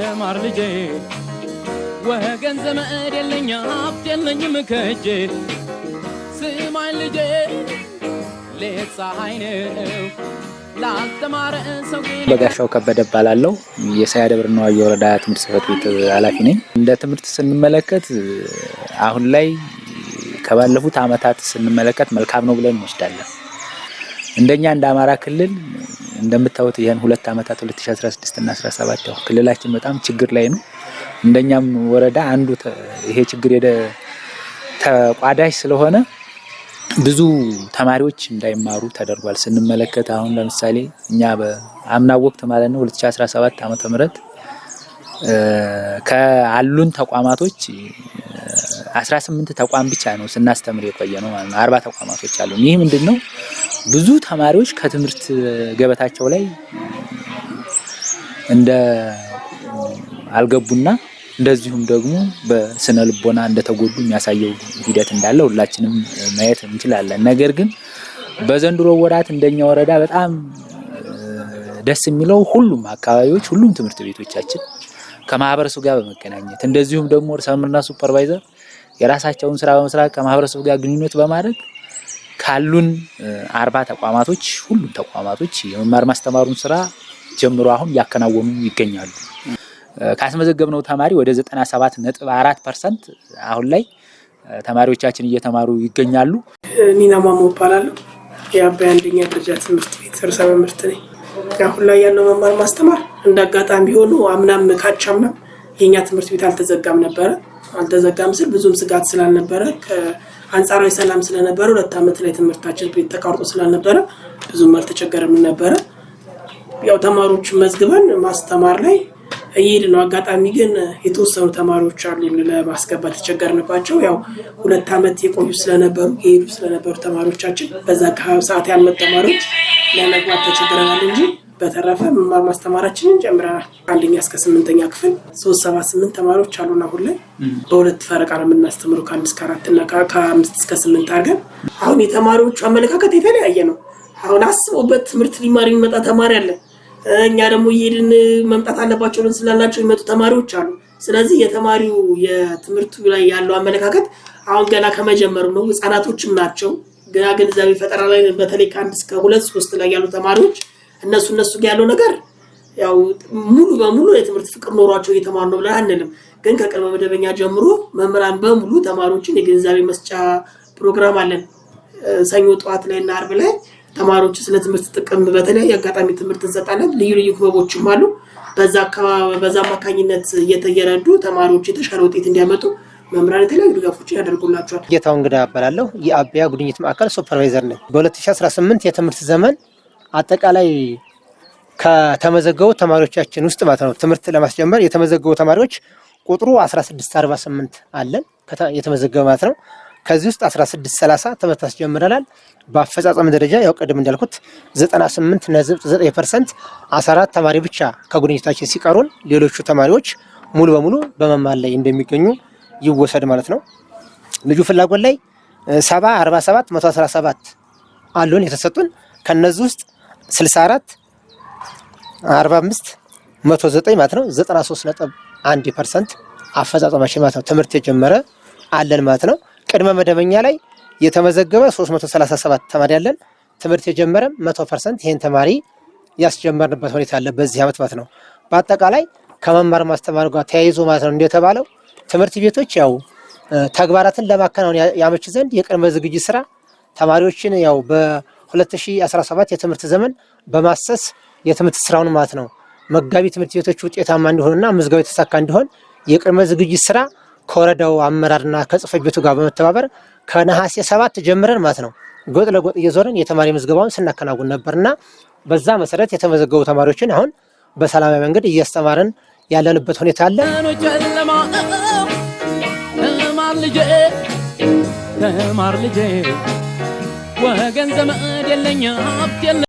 ተማር ልጄ ወገን ዘመድ የለኝ ሀብት የለኝም ስማኝ ልጄ ሌት ፀሐይ ነው በጋሻው ከበደ እባላለሁ የሳያ ደብረ ነዋይ የወረዳ ትምህርት ጽሕፈት ቤት ኃላፊ ነኝ። እንደ ትምህርት ስንመለከት አሁን ላይ ከባለፉት ዓመታት ስንመለከት መልካም ነው ብለን እንወስዳለን። እንደኛ እንደ አማራ ክልል እንደምታዩት ይህን ሁለት ዓመታት 2016 እና 17 ያው ክልላችን በጣም ችግር ላይ ነው። እንደኛም ወረዳ አንዱ ይሄ ችግር የደ ተቋዳሽ ስለሆነ ብዙ ተማሪዎች እንዳይማሩ ተደርጓል። ስንመለከት አሁን ለምሳሌ እኛ በአምና ወቅት ማለት ነው 2017 ዓመተ ምህረት ከአሉን ተቋማቶች 18 ተቋም ብቻ ነው ስናስተምር የቆየ ነው ማለት ነው። 40 ተቋማቶች አሉ። ይህ ምንድን ነው ብዙ ተማሪዎች ከትምህርት ገበታቸው ላይ እንደ አልገቡና እንደዚሁም ደግሞ በስነ ልቦና እንደተጎዱ የሚያሳየው ሂደት እንዳለ ሁላችንም ማየት እንችላለን። ነገር ግን በዘንድሮ ወራት እንደኛ ወረዳ በጣም ደስ የሚለው ሁሉም አካባቢዎች ሁሉም ትምህርት ቤቶቻችን ከማህበረሰቡ ጋር በመገናኘት እንደዚሁም ደግሞ ርዕሰ መምህርና ሱፐርቫይዘር የራሳቸውን ስራ በመስራት ከማህበረሰቡ ጋር ግንኙነት በማድረግ ካሉን አርባ ተቋማቶች ሁሉም ተቋማቶች የመማር ማስተማሩን ስራ ጀምሮ አሁን እያከናወኑ ይገኛሉ። ካስመዘገብነው ተማሪ ወደ 97 ነጥብ 4 ፐርሰንት አሁን ላይ ተማሪዎቻችን እየተማሩ ይገኛሉ። ኒና ማሞ ይባላሉ። የአባይ አንደኛ ደረጃ ትምህርት ቤት ርዕሰ መምህርት ነኝ። አሁን ላይ ያለው መማር ማስተማር እንደ አጋጣሚ ሆኖ አምናም ካቻምናም የእኛ ትምህርት ቤት አልተዘጋም ነበረ። አልተዘጋም ስል ብዙም ስጋት ስላልነበረ አንጻራዊ ሰላም ስለነበረ ሁለት ዓመት ላይ ትምህርታችን ተቋርጦ ስለነበረ ብዙም አልተቸገረም ነበረ። ያው ተማሪዎች መዝግበን ማስተማር ላይ እየሄድ ነው። አጋጣሚ ግን የተወሰኑ ተማሪዎች አሉ ለማስገባት ተቸገርንባቸው። ያው ሁለት ዓመት የቆዩ ስለነበሩ የሄዱ ስለነበሩ ተማሪዎቻችን በዛ ሰዓት ያልመጡ ተማሪዎች ለመግባት ተቸግረናል እንጂ በተረፈ መማር ማስተማራችንን ጨምረናል። አንደኛ እስከ ስምንተኛ ክፍል ሶስት ሰባ ስምንት ተማሪዎች አሉን። አሁን ላይ በሁለት ፈረቃ ነው የምናስተምረው ከአምስት ከአራት እና ከአምስት እስከ ስምንት አድርገን። አሁን የተማሪዎቹ አመለካከት የተለያየ ነው። አሁን አስበውበት ትምህርት ሊማር የሚመጣ ተማሪ አለ። እኛ ደግሞ እየሄድን መምጣት አለባቸው ብለን ስላላቸው የሚመጡ ተማሪዎች አሉ። ስለዚህ የተማሪው የትምህርቱ ላይ ያለው አመለካከት አሁን ገና ከመጀመሩ ነው። ህፃናቶችም ናቸው ግና ግንዛቤ ፈጠራ ላይ በተለይ ከአንድ እስከ ሁለት ሶስት ላይ ያሉ ተማሪዎች እነሱ እነሱ ያለው ነገር ያው ሙሉ በሙሉ የትምህርት ፍቅር ኖሯቸው እየተማሩ ነው ብለን አንልም። ግን ከቅድመ መደበኛ ጀምሮ መምህራን በሙሉ ተማሪዎችን የግንዛቤ መስጫ ፕሮግራም አለን። ሰኞ ጠዋት ላይ እና አርብ ላይ ተማሪዎች ስለ ትምህርት ጥቅም በተለያየ አጋጣሚ ትምህርት እንሰጣለን። ልዩ ልዩ ክበቦችም አሉ። በዛ አማካኝነት እየተየረዱ ተማሪዎች የተሻለ ውጤት እንዲያመጡ መምህራን የተለያዩ ድጋፎችን ያደርጉላቸዋል። ጌታው እንግዳ እባላለሁ። የአብያ ጉድኝት ማዕከል ሱፐርቫይዘር ነኝ። በ2018 የትምህርት ዘመን አጠቃላይ ከተመዘገቡ ተማሪዎቻችን ውስጥ ማለት ነው ትምህርት ለማስጀመር የተመዘገቡ ተማሪዎች ቁጥሩ 1648 አለን የተመዘገበ ማለት ነው። ከዚህ ውስጥ 1630 ትምህርት አስጀምረናል። በአፈጻጸም ደረጃ ያው ቅድም እንዳልኩት 98.9 ፐርሰንት 14 ተማሪ ብቻ ከጉድኝታችን ሲቀሩን ሌሎቹ ተማሪዎች ሙሉ በሙሉ በመማር ላይ እንደሚገኙ ይወሰድ ማለት ነው። ልጁ ፍላጎት ላይ 7 47 117 አሉን የተሰጡን ከነዚህ ውስጥ ስልሳ አራት አርባ አምስት መቶ ዘጠኝ ማለት ነው። ዘጠና ሶስት ነጥብ አንድ ፐርሰንት አፈጻጸማችን ማለት ነው። ትምህርት የጀመረ አለን ማለት ነው። ቅድመ መደበኛ ላይ የተመዘገበ 337 ተማሪ አለን። ትምህርት የጀመረ 100 ፐርሰንት ይህን ተማሪ ያስጀመርንበት ሁኔታ አለ በዚህ ዓመት ማለት ነው። በአጠቃላይ ከመማር ማስተማር ጋር ተያይዞ ማለት ነው እንደተባለው ትምህርት ቤቶች ያው ተግባራትን ለማከናወን ያመች ዘንድ የቅድመ ዝግጅት ስራ ተማሪዎችን ያው 2017 የትምህርት ዘመን በማሰስ የትምህርት ስራውን ማለት ነው መጋቢ ትምህርት ቤቶች ውጤታማ እንዲሆኑና ምዝገባ የተሳካ እንዲሆን የቅድመ ዝግጅት ስራ ከወረዳው አመራርና ከጽፈት ቤቱ ጋር በመተባበር ከነሐሴ ሰባት ጀምረን ማለት ነው ጎጥ ለጎጥ እየዞረን የተማሪ ምዝገባውን ስናከናውን ነበርና በዛ መሰረት የተመዘገቡ ተማሪዎችን አሁን በሰላማዊ መንገድ እያስተማርን ያለንበት ሁኔታ አለ። ተማር ልጄ ወገን ዘመድ የለኝ ሀብት የለኝ